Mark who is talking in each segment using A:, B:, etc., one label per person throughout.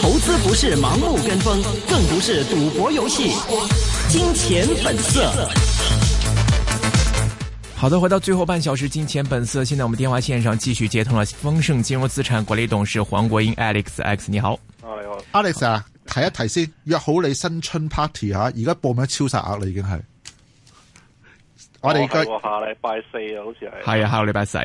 A: 投資不是盲目跟風，更不是賭博遊戲。金錢本色。好的，回到最後半小時，金錢本色。現在我們電話線上繼續接通了，豐盛金融資產管理董事黃國英 Alex，Alex 你好。你好
B: elect ress。哎 amo ja. Alex 啊，提一提先，約好你新春 party 哈，而家報名超晒額了，已經係。我哋個下禮拜四啊，好似係。係啊，下個禮拜四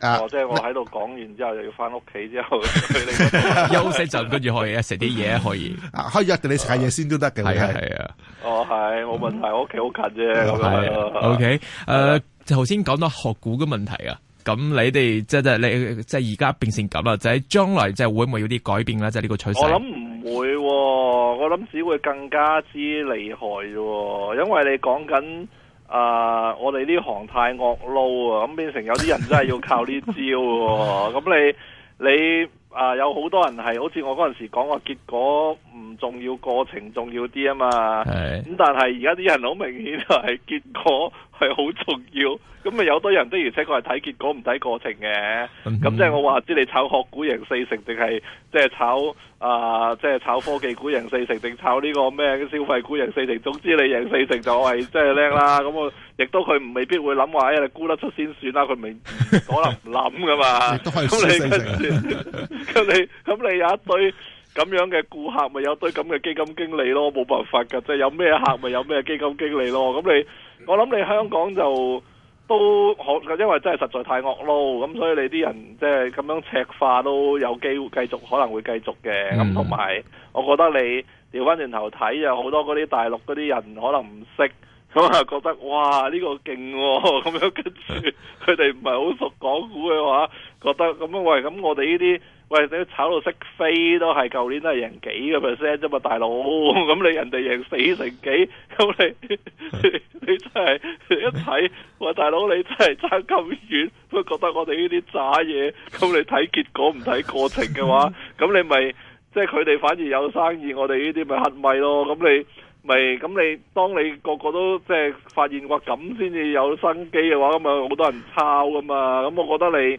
B: 啊！即係我喺度講完之後，又要翻屋企之後休息陣，跟
A: 住可以啊，食啲嘢，可以可以約定你食下嘢先都得嘅。係啊係啊。哦，
B: 係冇問題，我屋企好近啫。咁係。OK，
A: 誒，頭先講到學股嘅問題啊，咁你哋即係即係你即係而家變成咁啦，就係將來即係會唔會有啲改變啦，即係呢個趨勢。我諗
B: 唔會，我諗只會更加之厲害啫，因為你講緊。啊！Uh, 我哋呢行太惡撈啊，咁變成有啲人真係要靠呢招喎。咁 你你啊，uh, 有好多人係好似我嗰陣時講個結果唔重要，過程重要啲啊嘛。咁 但係而家啲人好明顯就係結果。係好重要，咁咪有多人，的而且確係睇結果唔睇過程嘅。咁、嗯、哼即係我話知你炒學股贏四成，定係即係炒啊，即係炒、呃、炒科技股贏四成，定炒呢個咩消費股贏四成？總之你贏四成就係即係叻啦。咁、嗯、哼我亦都佢未必會諗話，因為你沽得出先算啦。佢明可能唔諗噶嘛。咁 你咁 你咁你有一對。咁樣嘅顧客咪有堆咁嘅基金經理咯，冇辦法㗎，即係有咩客咪有咩基金經理咯。咁你，我諗你香港就都，因為真係實在太惡咯，咁所以你啲人即係咁樣赤化都有機會繼續，可能會繼續嘅。咁同埋，我覺得你調翻轉頭睇就好多嗰啲大陸嗰啲人可能唔識。咁啊，就覺得哇呢、這個勁咁、哦、樣跟，跟住佢哋唔係好熟講股嘅話，覺得咁樣喂，咁我哋呢啲喂你炒到識飛都係舊年都係贏幾個 percent 啫嘛，大佬，咁你人哋贏四成幾，咁你你,你,你真係一睇，喂大佬你真係爭咁遠，都覺得我哋呢啲渣嘢，咁你睇結果唔睇過程嘅話，咁你咪即係佢哋反而有生意，我哋呢啲咪乞米咯，咁你。咪咁你，當你個個都即係發現話咁先至有新機嘅話，咁咪好多人抄噶嘛。咁我覺得你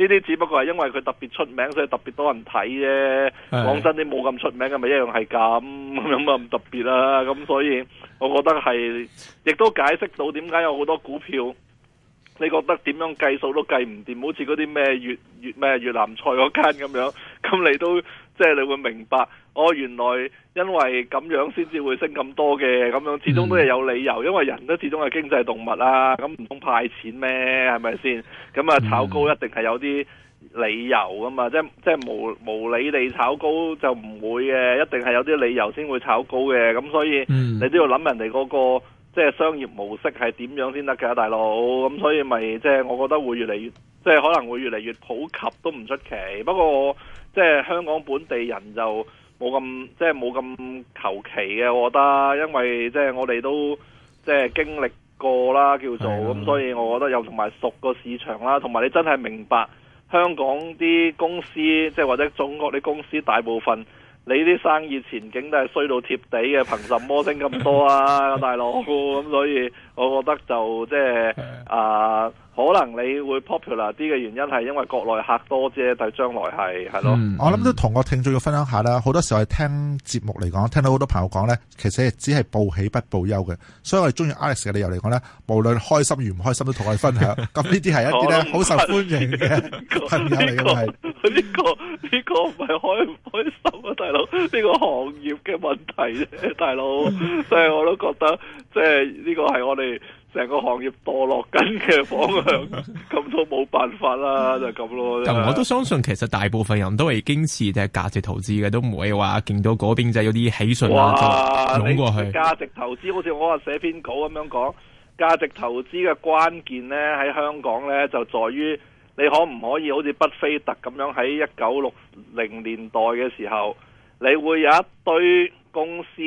B: 呢啲只不過係因為佢特別出名，所以特別多人睇啫。
A: 講真
B: 的，你冇咁出名嘅咪、就是、一樣係咁，咁又唔特別啦。咁所以，我覺得係亦都解釋到點解有好多股票。你覺得點樣計數都計唔掂？好似嗰啲咩越越咩越南菜嗰間咁樣，咁你都，即係、就是、你會明白，我、哦、原來因為咁樣先至會升咁多嘅，咁樣始終都係有理由。嗯、因為人都始終係經濟動物啦、啊，咁唔通派錢咩？係咪先？咁啊炒高一定係有啲理由噶嘛，嗯、即係即係無，無理地炒高就唔會嘅，一定係有啲理由先會炒高嘅。咁所以你都要諗人哋、那、嗰個。即係商業模式係點樣先得嘅，大佬。咁所以咪即係我覺得會越嚟越即係、就是、可能會越嚟越普及都唔出奇。不過即係、就是、香港本地人就冇咁即係冇咁求其嘅，我覺得，因為即係、就是、我哋都即係、就是、經歷過啦，叫做咁，的所以我覺得又同埋熟個市場啦，同埋你真係明白香港啲公司，即係或者中國啲公司大部分。你啲生意前景都係衰到貼地嘅，憑什麼升咁多啊，大佬？咁所以，我覺得就即係啊。可能你會 popular 啲嘅原因係因為國內客多啫，但係將來係係咯。嗯嗯、我諗都同我聽眾要分享下啦。好多時候係聽節目嚟講，聽到好多朋友講咧，其實只係報喜不報憂嘅。所以我哋中意 Alex 嘅理由嚟講咧，無論開心與唔開心都同我哋分享。咁呢啲係一啲咧好受歡迎嘅朋友嚟嘅，係呢、 呢個呢、呢個唔係、呢個、開唔開心啊，大佬呢、呢個行業嘅問題啫，大佬即係我都覺得即係呢個係我哋。成個行業墮落緊嘅方向，咁都冇辦法啦， 就咁咯。咁我都
A: 相信，其實大部分人都係堅持嘅價值投資嘅，都唔會話見到嗰邊就有啲喜訊啊，哇湧過去。價
B: 值投資好似我話寫篇稿咁樣講，價值投資嘅關鍵呢喺香港呢，就在於你可唔可以好似巴菲特咁樣喺一九六零年代嘅時候，你會有一堆。公司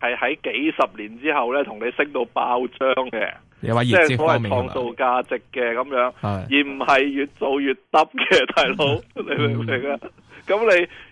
B: 係喺幾十年之後咧，同你升到爆張嘅。你話業績方面即係所謂創造價值嘅咁樣，是的而唔係越做越得嘅大佬， 你明唔明啊？咁、嗯、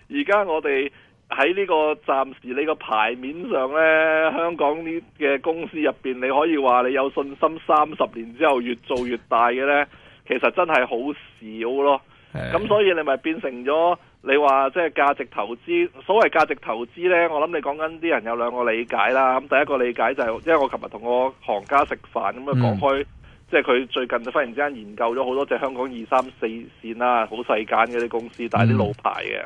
B: 你而家我哋喺呢個暫時呢個牌面上咧，香港呢嘅公司入邊，你可以話你有信心三十年之後越做越大嘅咧，其實真係好少咯。咁的所以你咪變成咗。你話即係價值投資，所謂價值投資呢，我諗你講緊啲人有兩個理解啦。咁第一個理解就係、是，因為我琴日同我行家食飯咁啊，講、嗯、開即係佢最近就忽然之間研究咗好多隻香港二三四線啦、啊，好細間嘅啲公司，但係啲老牌嘅，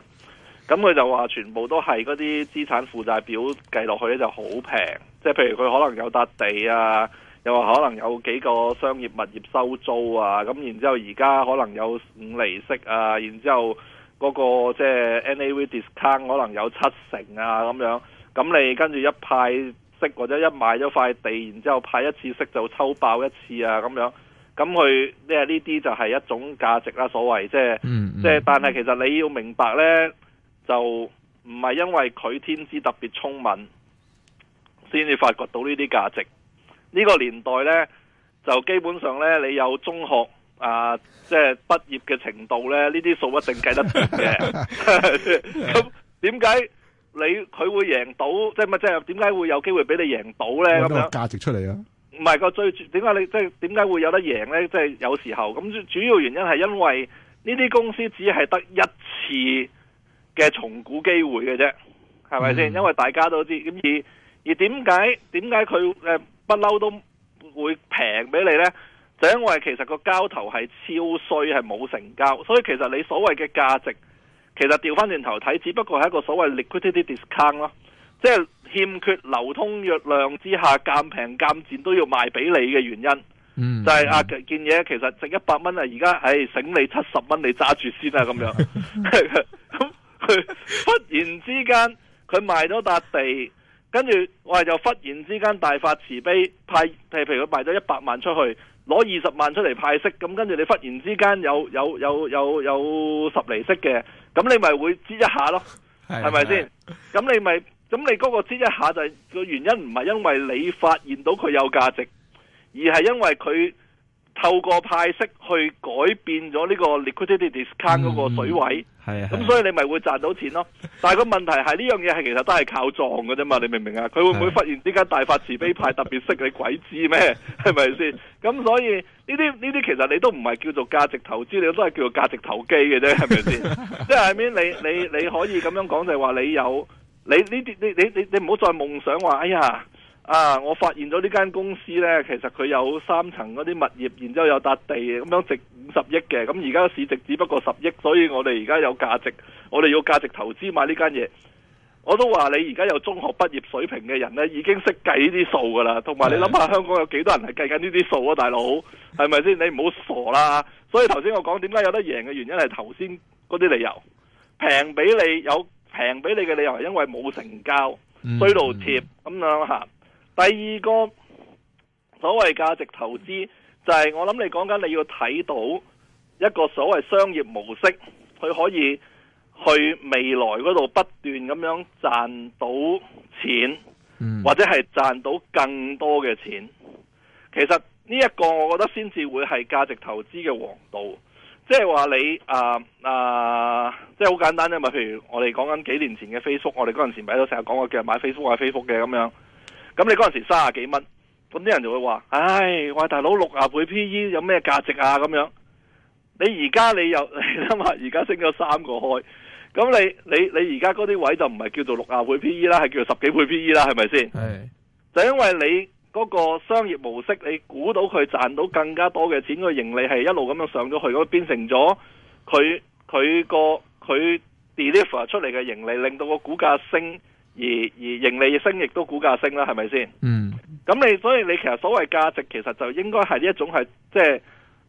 B: 咁佢、嗯、就話全部都係嗰啲資產負債表計落去呢就好平，即、就、係、是、譬如佢可能有笪地啊，又話可能有幾個商業物業收租啊，咁然之後而家可能有五釐息啊，然之後。嗰個即係 NAV discount 可能有七成啊，咁樣，咁你跟住一派息或者一買咗塊地，然之後派一次息就抽爆一次啊，咁樣，咁佢即係呢啲就係一種價值啦，所謂，即係，即係、嗯嗯，但係其實你要明白咧，就唔係因為佢天資特別聰敏先至發掘到呢啲價值。呢個年代咧，就基本上咧，你有中學。啊，即係畢業嘅程度咧，呢啲數一定計得嘅。咁點解你佢會贏到？即係咪即係點解會有機會俾你贏到咧？咁樣價值出嚟啊？唔係個最點解你即係點解會有得贏咧？即係有時候咁主要原因係因為呢啲公司只係得一次嘅重估機會嘅啫，係咪先？嗯，因為大家都知，咁而而點解點解佢誒不嬲都會平俾你咧？就因為其實個交投係超衰，係冇成交，所以其實你所謂嘅價值，其實調翻轉頭睇，只不過係一個所謂 liquidity discount 咯，即係欠缺流通若量之下，鑒平鑒賤都要賣俾你嘅原因。嗯，嗯，就係啊，件嘢其實值一百蚊啊，而家係醒你七十蚊，你揸住先啦咁樣。咁 忽然之間佢賣咗笪地，跟住我哋就忽然之間大發慈悲，派譬如，譬如佢賣咗一百萬出去。攞二十萬出嚟派息，咁跟住你忽然之間有有有有有十厘息嘅，咁你咪會知一下咯，
A: 係咪先？
B: 咁是的 你咪，咁你嗰個知一下就係、是、個原因，唔係因為你發現到佢有價值，而係因為佢透過派息去改變咗呢個 liquidity discount 嗰個水位。嗯係啊，咁 所以你咪會賺到錢咯。但係個問題係呢樣嘢係其實都係靠撞嘅啫嘛，你明唔明啊？佢會唔會忽然之間大發慈悲派特別識你 鬼知咩？係咪先？咁所以呢啲呢啲其實你都唔係叫做價值投資，你都係叫做價值投機嘅啫，係咪先？即係係咪？你你你可以咁樣講就係話你有你呢啲你你你你唔好再夢想話哎呀。啊！我發現咗呢間公司呢，其實佢有三層嗰啲物業，然之後有笪地咁樣值五十億嘅，咁而家市值只不過十億，所以我哋而家有價值，我哋要價值投資買呢間嘢。我都話你而家有中學畢業水平嘅人呢，已經識計呢啲數噶啦，同埋你諗下香港有幾多人係計緊呢啲數啊，大佬係咪先？你唔好傻啦！所以頭先我講點解有得贏嘅原因係頭先嗰啲理由，平俾你有平俾你嘅理由係因為冇成交，衰到貼咁，嗯，樣吓。第二個所謂價值投資，就係、是、我諗你講緊你要睇到一個所謂商業模式，佢可以去未來嗰度不斷咁樣賺到錢，嗯、或者係賺到更多嘅錢。其實呢一個，我覺得先至會係價值投資嘅王道。即係話你啊啊，即係好簡單啫嘛。譬如我哋講緊幾年前嘅 Facebook，我哋嗰陣時咪都成日講過叫買 Facebook 買 Facebook 嘅咁樣。咁你嗰陣時三十幾蚊，咁啲人就會話，唉，喂大佬六十倍 P E，有咩價值啊？咁樣，你而家你又，你諗下，而家升咗三個開，咁你你你而家嗰啲位就唔係叫做六十倍 P E 啦，係叫做十幾倍 P E 啦，係咪先？係，是的 就因為你嗰個商業模式，你估到佢賺到更加多嘅錢，個盈利係一路咁樣上咗去，咁變成咗佢佢個佢 deliver 出嚟嘅盈利，令到個股價升。而而盈利升亦都股價升啦，係咪先？嗯，咁你所以你其實所謂價值其實就應該係呢一種係即係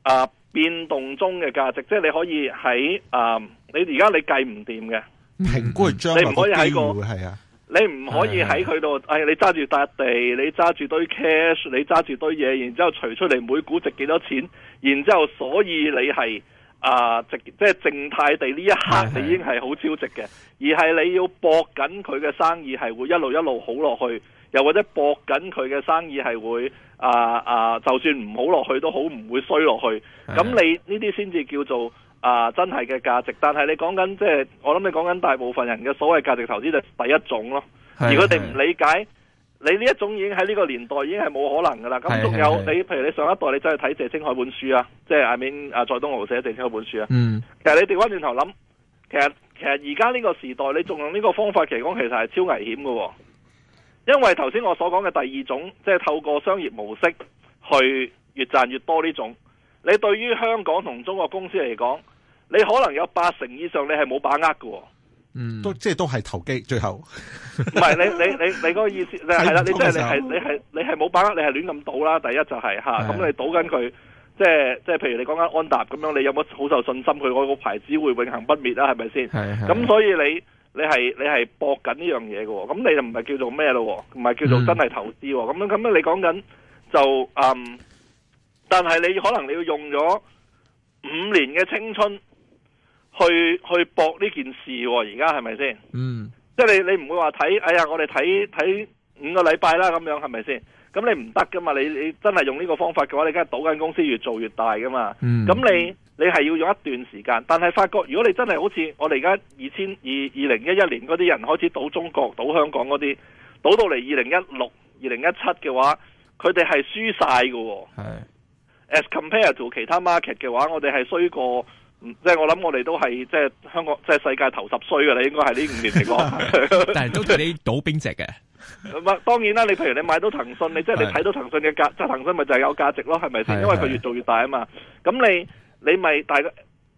B: 啊變動中嘅價值，即、就、係、是、你可以喺啊、呃、你而家你計唔掂嘅評估，你唔可以喺個係啊，你唔可以喺佢度，係你揸住笪地，你揸住堆 cash，你揸住堆嘢，然之後除出嚟每股值幾多錢，然之後所以你係。啊、呃！即係靜態地呢一刻，你是是 已經係好超值嘅。而係你要搏緊佢嘅生意係會一路一路好落去，又或者搏緊佢嘅生意係會啊啊、呃呃，就算唔好落去都好，唔會衰落去。咁是是 你呢啲先至叫做啊、呃、真係嘅價值。但係你講緊即係我諗你講緊大部分人嘅所謂價值投資就係第一種咯。而佢哋唔理解。是是你呢一種已經喺呢個年代已經係冇可能噶啦，咁仲有是是是你，譬如你上一代，你真係睇謝清海本書 I mean, 啊，即係阿明阿在東豪寫謝清海本書啊、嗯。其實你調翻轉頭諗，其實其實而家呢個時代你仲用呢個方法嚟講，其實係超危險喎、哦！因為頭先我所講嘅第二種，即係透過商業模式去越賺越多呢種，你對於香港同中國公司嚟講，你可能有八成以上你係冇把握喎、哦。嗯，都即係都係投機，最後唔係你你你你個意思，係啦、就是，你即係你係你係你係冇把握，你係亂咁賭啦。第一就係、是、吓，咁的、嗯、你賭緊佢，即係即係，譬如你講緊安踏咁樣，你有冇好受信心佢嗰個牌子會永恆不滅啊？係咪先？咁的、嗯、所以你你係你係搏緊呢樣嘢嘅，咁你，你就唔係叫做咩咯？唔係叫做真係投資，咁樣咁樣你講緊就嗯，但係你可能你要用咗五年嘅青春。去去搏呢件事，啊，而家係咪先？嗯，即係你你唔會話睇，哎呀，我哋睇睇五個禮拜啦，咁樣係咪先？咁你唔得噶嘛？你你真係用呢個方法嘅話，你梗係賭緊公司越做越大噶嘛？嗯，咁你你係要用一段時間，但係發覺，如果你真係好似我哋而家二千二二零一一年嗰啲人開始賭中國、賭香港嗰啲，賭到嚟二零一六、二零一七嘅話，佢哋係輸晒噶。係是 as compared to 其他 market 嘅話，我哋係衰過。嗯，即係我諗我哋都係即係香港，即係世界頭十衰嘅啦。應該係呢五年情況， 但係都對你賭邊隻嘅？當然啦。你譬如你買到騰訊， 你即係你睇到騰訊嘅價，即係騰訊咪就係有價值咯，係咪先？ 因為佢越做越大啊嘛。咁你你咪大家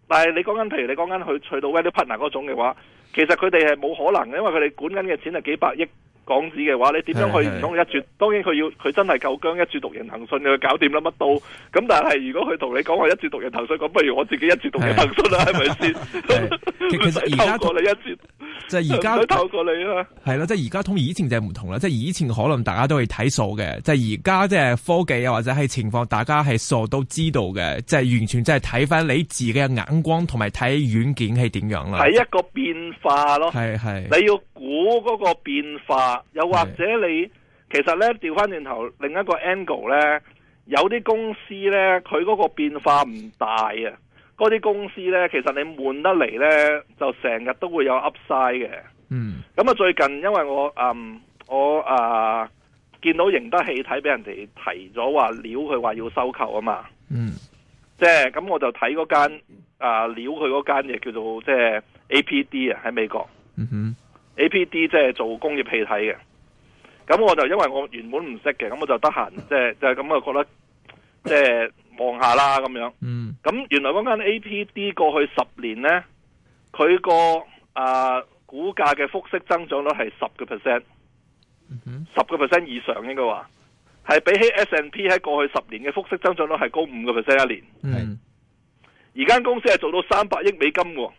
B: 但係，但係你講緊譬如你講緊去去到 Value Partner 嗰種嘅話，其實佢哋係冇可能嘅，因為佢哋管緊嘅錢係幾百億。港紙嘅話，你點樣去？唔通一注？當然佢要，佢真係夠姜一注獨贏騰訊，佢搞掂啦乜都。咁但係如果佢同你講話一注獨贏騰訊，咁不如我自己一注獨贏騰訊啊？係咪先？其實而家 過你一注，就係而家佢透過你
A: 啦。係啦，即係而家同以前就唔同啦。即係以前可能大家都係睇數嘅，即係而家即係科技或者係情況，大家係數都知道嘅。即係完全即係睇翻你自己嘅眼光同埋睇軟件係點樣啦。係一
B: 個變化咯，係係是你要估嗰個變化。又或者你是的 其實咧調翻轉頭，另一個 angle 咧，有啲公司咧，佢嗰個變化唔大啊。嗰啲公司咧，其實你悶得嚟咧，就成日都會有 upside 嘅。嗯。咁啊，最近因為我嗯我啊見到盈德氣體俾人哋提咗話撩佢話要收購啊嘛。嗯。即係咁，啊嗯就是，我就睇嗰間啊撩佢嗰間嘢叫做即係 APD 啊，喺美國。嗯哼。APD 即係做工業氣體嘅，咁我就因為我原本唔識嘅，咁我就得閒即係就咁、是、啊，就是、就覺得即係望下啦咁樣。嗯，咁原來嗰間 APD 過去十年咧，佢個啊股價嘅複息增長率係十個 percent，十個 percent 以上應該話係比起 S&P 喺過去十年嘅複息增長率係高五個 percent 一年。嗯，而間公司係做到三百億美金的。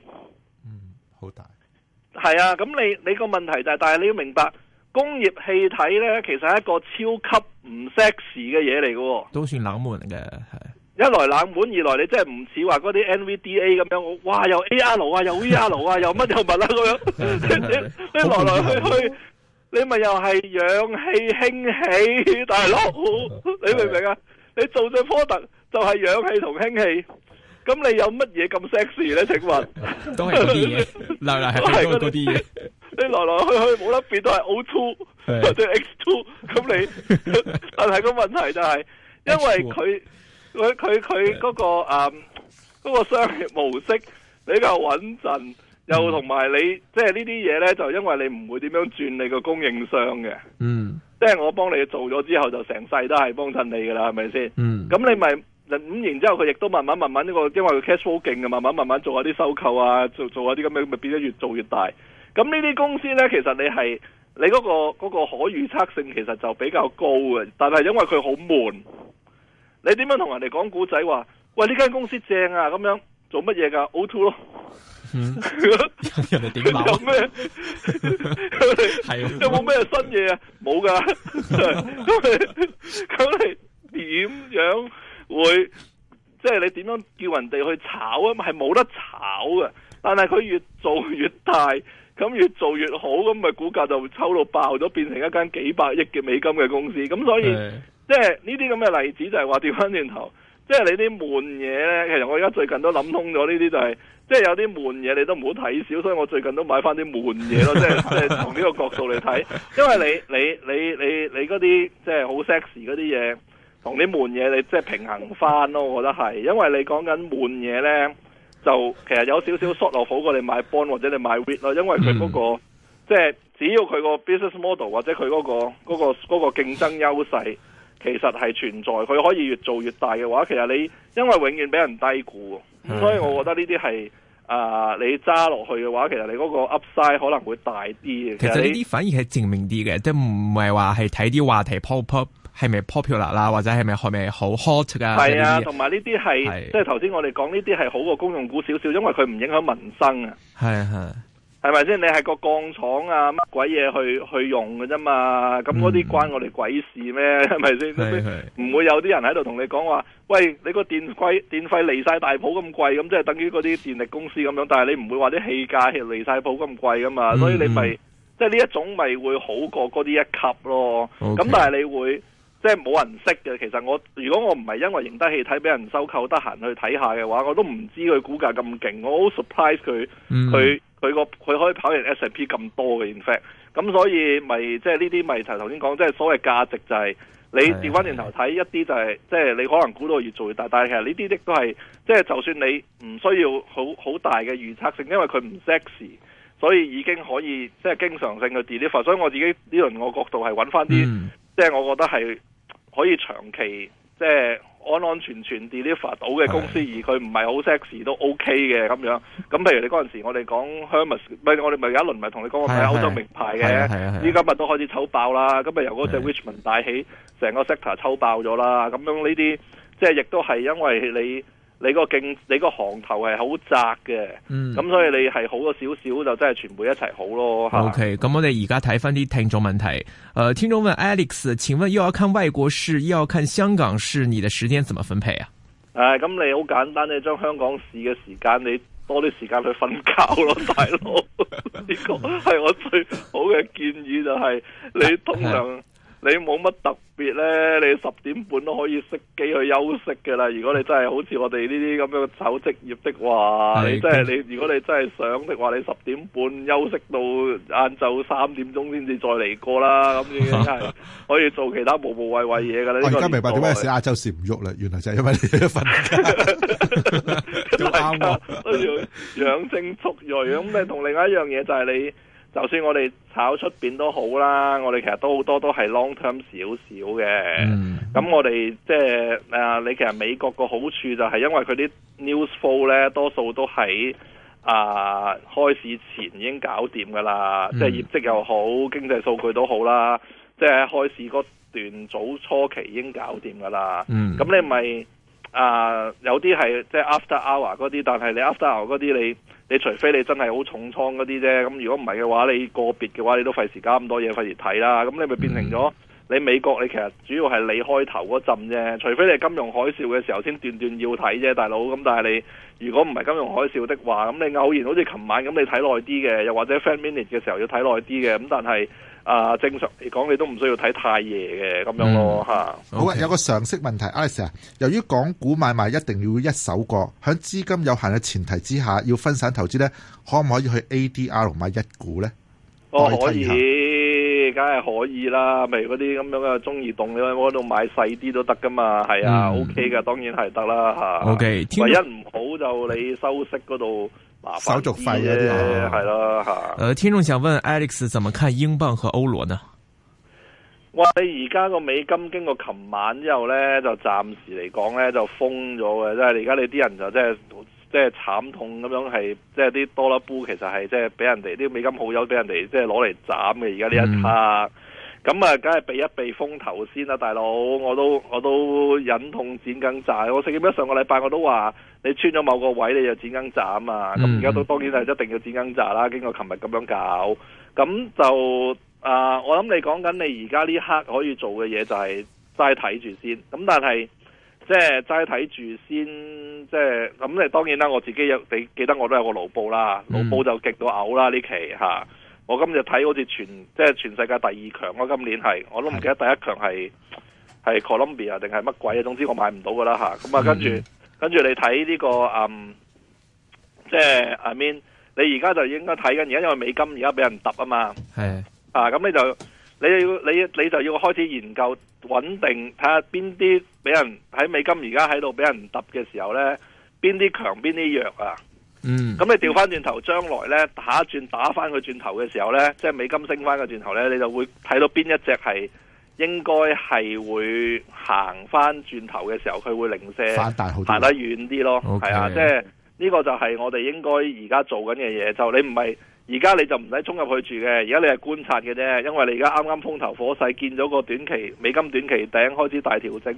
B: 係啊，咁你你個問題就係、是，但係你要明白，工業氣體咧其實係一個超級唔 sexy 嘅嘢嚟嘅，都算冷門嘅。係一來冷門，二來你真係唔似話嗰啲 NVDA 咁樣，哇又 AR 啊又 VR、ER、啊 又乜又乜啦咁樣，你來來去去， 你咪又係氧氣氫氣，大佬 你明唔明啊？ 你做隻 product 就係氧氣同氫氣。咁你有乜嘢咁 sexy 咧？請問都係嗰啲嘢，嗱
A: 嗱係好多啲嘢。
B: 你來來去去冇得變都係 O two 或者 X two。咁你但係個問題就係，因為佢佢佢佢嗰個啊嗰個商業模式比較穩陣，又同埋你即係呢啲嘢咧，就因為你唔會點樣轉你個供應商嘅。嗯，即係我幫你做咗之後，就成世都係幫襯你噶啦，係咪先？嗯，咁你咪。五年之後佢亦都慢慢慢慢呢個，因為佢 cash flow 勁嘅，慢慢慢慢做下啲收購啊，做做下啲咁樣，咪變得越做越大。咁呢啲公司咧，其實你係你嗰個嗰個可預測性其實就比較高嘅，但係因為佢好悶。你點樣同人哋講古仔話？喂，呢間公司正啊，咁樣做乜嘢噶？O two 咯，嗯， 人哋點諗？ 有咩？ 有冇咩新嘢啊？冇噶 有，咁你點樣？會即係你點樣叫人哋去炒啊？係冇得炒嘅，但係佢越做越大，咁越做越好，咁咪股價就會抽到爆咗，變成一間幾百億嘅美金嘅公司。咁所以是的 即係呢啲咁嘅例子就係話掉翻轉頭，即係你啲悶嘢咧。其實我而家最近都諗通咗呢啲，就係即係有啲悶嘢你都唔好睇少，所以我最近都買翻啲悶嘢咯。 即係即係從呢個角度嚟睇，因為你你你你你嗰啲即係好 sexy 嗰啲嘢。同啲悶嘢你即係平衡翻咯，我覺得係，因為你講緊悶嘢咧，就其實有少少 short 落好過你買 bond 或者你買 REIT 咯，因為佢嗰、嗰個、嗯、即係只要佢個 business model 或者佢嗰、嗰個嗰、嗰個嗰、嗰個競、嗰個、爭優勢其實係存在，佢可以越做越大嘅話，其實你因為永遠俾人低估，
A: 嗯、所以我
B: 覺得呢啲係啊，你揸落去嘅話，其實你嗰個 upside 可能會大啲。其實呢啲反
A: 而係證明啲嘅，即係唔係話係睇啲話題 pop up。係咪 popular 啦、啊，或者係咪係咪好 hot 噶？係啊，同埋
B: 呢啲係即係頭先我哋講呢啲係好過公用股少少，因為佢唔影響民生係啊。係係係咪先？你係個鋼廠啊乜鬼嘢去去用㗎啫嘛？咁嗰啲關我哋鬼事咩？係咪先？
A: 唔
B: 會有啲人喺度同你講話，喂，你個電貴電費離晒大譜咁貴咁，即係等於嗰啲電力公司咁樣。但係你唔會話啲氣價離晒譜咁貴噶嘛？嗯、所以你咪即係呢一種咪會好過嗰啲一級咯。咁、okay、但係你會。即係冇人識嘅，其實我如果我唔係因為盈德氣體俾人收購得閒去睇下嘅話，我都唔知佢股價咁勁，我好 surprise 佢佢佢個佢可以跑贏 S&P 咁多嘅 in fact，咁所以咪即係呢啲咪頭頭先講，即係所，所謂價值就係、是、你調翻轉頭睇一啲就係即係你可能估到越做越大，但係其實呢啲都係即係就算你唔需要好好大嘅預測性，因為佢唔 sexy，所以已經可以即係、就是、經常性去 deliver 所以我自己呢輪我角度係揾翻啲，即係、mm. 我覺得係。可以長期即係安安全全地 deliver 到嘅公司，是的 而佢唔係好 sexy 都 OK 嘅咁樣。咁譬如你嗰陣時我哋講 Hermes，呃，我哋講 Hermes，唔係我哋咪有一輪咪同你講過睇歐洲名牌嘅，依家咪都開始抽爆啦。咁咪由嗰隻 Richmond 帶起，成是的 個 sector 抽爆咗啦。咁樣呢啲即係亦都係因為你。你個你個行頭係好窄嘅，咁、嗯、所以你係好咗少少就真係全部一齊好咯。OK，咁是我哋而
A: 家睇翻啲聽眾問題。誒、呃，聽眾問 Alex，請問又要看外國事，又要看香港事，你嘅時間怎麼分配啊？
B: 誒、啊，咁你好簡單，你將香港事嘅時間，你多啲時間去瞓覺咯，大佬。呢 個係我最好嘅建議、就是，就係你通常。 你冇乜特別咧，你十點半都可以熄機去休息㗎啦。如果你真係好似我哋呢啲咁樣嘅走職業的話，是你真係你，如果你真係想的話，你十點半休息到晏晝三點鐘先至再嚟過啦。咁已經真係可以做其他無無謂謂嘢㗎啦。我而家明白點解成日亞洲市唔喐啦，原來就係因為你瞓得晏喎， 要養精蓄鋭。咁同 另一樣嘢就係你。就算我哋炒出面都好啦，我哋其實都好多都係 long term 少少嘅。咁、嗯、我哋即係你其實美國個好處就係因為佢啲 news flow 咧，多數都喺啊、呃、開市前已經搞掂㗎喇。嗯、即係業績又好，經濟數據都好啦。即係開市嗰段早初期已經搞掂㗎喇。咁、嗯、你咪啊、呃、有啲係即係 after hour 嗰啲，但係你 after hour 嗰啲你。你除非你真係好重倉嗰啲啫，咁如果唔係嘅話，你個別嘅話，你都費時間咁多嘢費時睇啦，咁你咪變成咗。嗯你美國你其實主要係你開頭嗰陣啫，除非你係金融海嘯嘅時候先段段要睇啫，大佬。咁但係你如果唔係金融海嘯的話，咁你偶然好似琴晚咁，你睇耐啲嘅，又或者 Fed minutes 嘅時候要睇耐啲嘅。咁但係啊、呃，正常嚟講，你都唔需要睇太夜嘅咁樣咯嚇。Okay. 好啊，有個常識問題，Alex 啊，由於港股買賣一定要一手過，喺資金有限嘅前提之下，要分散投資呢，可唔可以去 ADR 買一股呢？哦，可以。梗係可以啦，譬如嗰啲咁樣嘅中移動嘅，我嗰度買細啲都得噶嘛，係啊、嗯、，OK 噶，當然係得啦吓。啊、OK，唯一唔好就你收息嗰度麻煩啲嘅，手續費啲，係啦吓。
A: 呃，聽眾想問 Alex，怎麼看英鎊和歐羅呢？
B: 哇，你而家個美金經過琴晚之後咧，就暫時嚟講咧就封咗嘅，即係你而家你啲人就即係。即係慘痛咁樣係，係即係啲多粒布其實係即係俾人哋啲美金好友俾人哋即係攞嚟斬嘅。而家呢一刻，咁啊、嗯，梗係避一避風頭先啦、啊，大佬。我都我都忍痛剪梗扎。我成日記得上個禮拜我都話，你穿咗某個位你就剪梗扎啊嘛。咁而家都當然係一定要剪梗扎啦。經過琴日咁樣搞，咁就啊、呃，我諗你講緊你而家呢刻可以做嘅嘢就係齋睇住先。咁但係。即係齋睇住先，即係咁。你當然啦，我自己有你記得我都有個盧布啦，盧布就極到嘔啦呢期吓。我今日睇好似全即係全世界第二強咯，今年係我都唔記得第一強係係 Colombia 定係乜鬼啊。總之我買唔到噶啦吓。咁啊，跟住、嗯、跟住你睇呢、這個嗯，
A: 即
B: 係 I mean，你而家就應該睇緊而家，因為美金而家俾人揼啊嘛。係是的 啊，咁你就。你要你你就要開始研究穩定，睇下邊啲俾人喺美金而家喺度俾人揼嘅時候咧，邊啲強，邊啲弱啊？嗯，咁你調翻轉頭，將來咧打一轉打翻個轉頭嘅時候咧，即係美金升翻個轉頭咧，你就會睇到邊一隻係應該係會行翻轉頭嘅時候，佢會零舍行得遠啲咯。係 Okay. 啊，即係呢個就係我哋應該而家做緊嘅嘢，就你唔係。而家你就唔使衝入去住嘅，而家你係觀察嘅啫，因為你而家啱啱風頭火勢，見咗個短期美金短期頂開始大調整，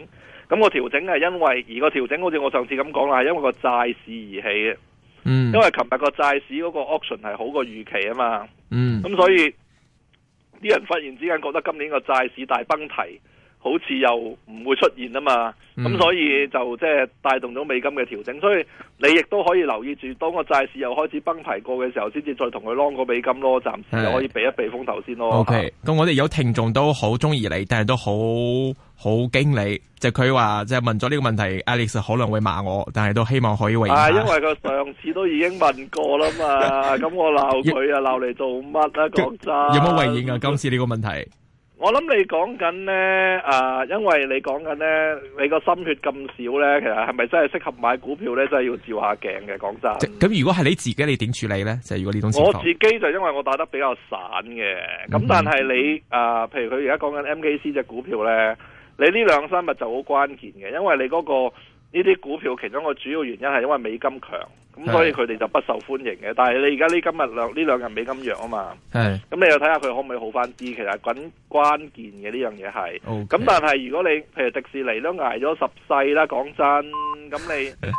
B: 咁個調整係因為而個調整好似我上次咁講啦，係因為個債市而起嘅，
A: 嗯，因為琴
B: 日個債市嗰個 auction 係好過預期啊嘛，
A: 嗯，咁所
B: 以啲人忽然之間覺得今年個債市大崩堤。好似又唔會出現啊嘛，咁、嗯、所以就即係帶動咗美金嘅調整，所以你亦都可以留意住，當個債市又開始崩盤過嘅時候，先至再同佢 long 個美金咯，暫時又可以避一避風頭先咯。O K，
A: 咁我哋有聽眾都好中意你，但係都好好驚你，就佢話即係問咗呢個問題，Alex 可能會罵我，但係都希望可以回應。啊、哎，因為
B: 佢上次都已經問過啦嘛，咁 我鬧佢啊，鬧嚟要做乜啊？講真就，在有冇回應
A: 啊？就今次呢個問題？
B: 我諗你講緊呢，啊、呃，因為你講緊呢，你個心血咁少呢，其實係咪真係適合買股票呢？真係要照下鏡嘅，講真。
A: 咁如果係你自己，你點處理呢？就係、是、如果呢種情況，我自
B: 己就因為我打得比較散嘅，咁但係你，啊、呃，譬如佢而家講緊 MGC 隻股票呢，你呢兩三日就好關鍵嘅，因為你嗰、那個呢啲股票其中個主要原因係因為美金強。咁所以佢哋就不受歡迎嘅，的但係你而家呢今日兩呢兩日美金弱啊嘛，咁的你又睇下佢可唔可以好翻啲，其實緊關鍵嘅呢樣嘢係，咁 Okay 但係如果你譬如迪士尼都捱咗十世啦，講真，咁你。